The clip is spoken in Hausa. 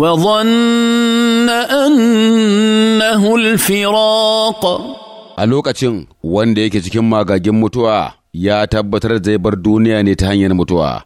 وظن أنه الفراق a lokacin wanda yake cikin magagin mutuwa ya tabbatar zai bar duniya ne ta hanyar mutuwa